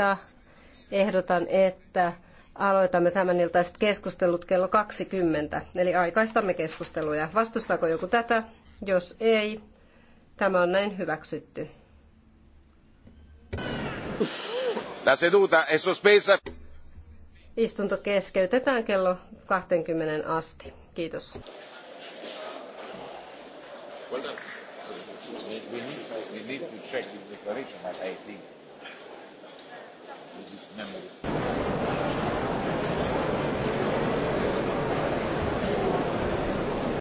puolesta ehdotan, että aloitamme tämän iltaiset keskustelut kello 20, eli aikaistamme keskusteluja. Vastustaako joku tätä? Jos ei, tämä on näin hyväksytty. La seduta è sospesa. Istunto keskeytetään kello 20 asti. Kiitos. Well done. we, need, we need to check declaration, but I think memory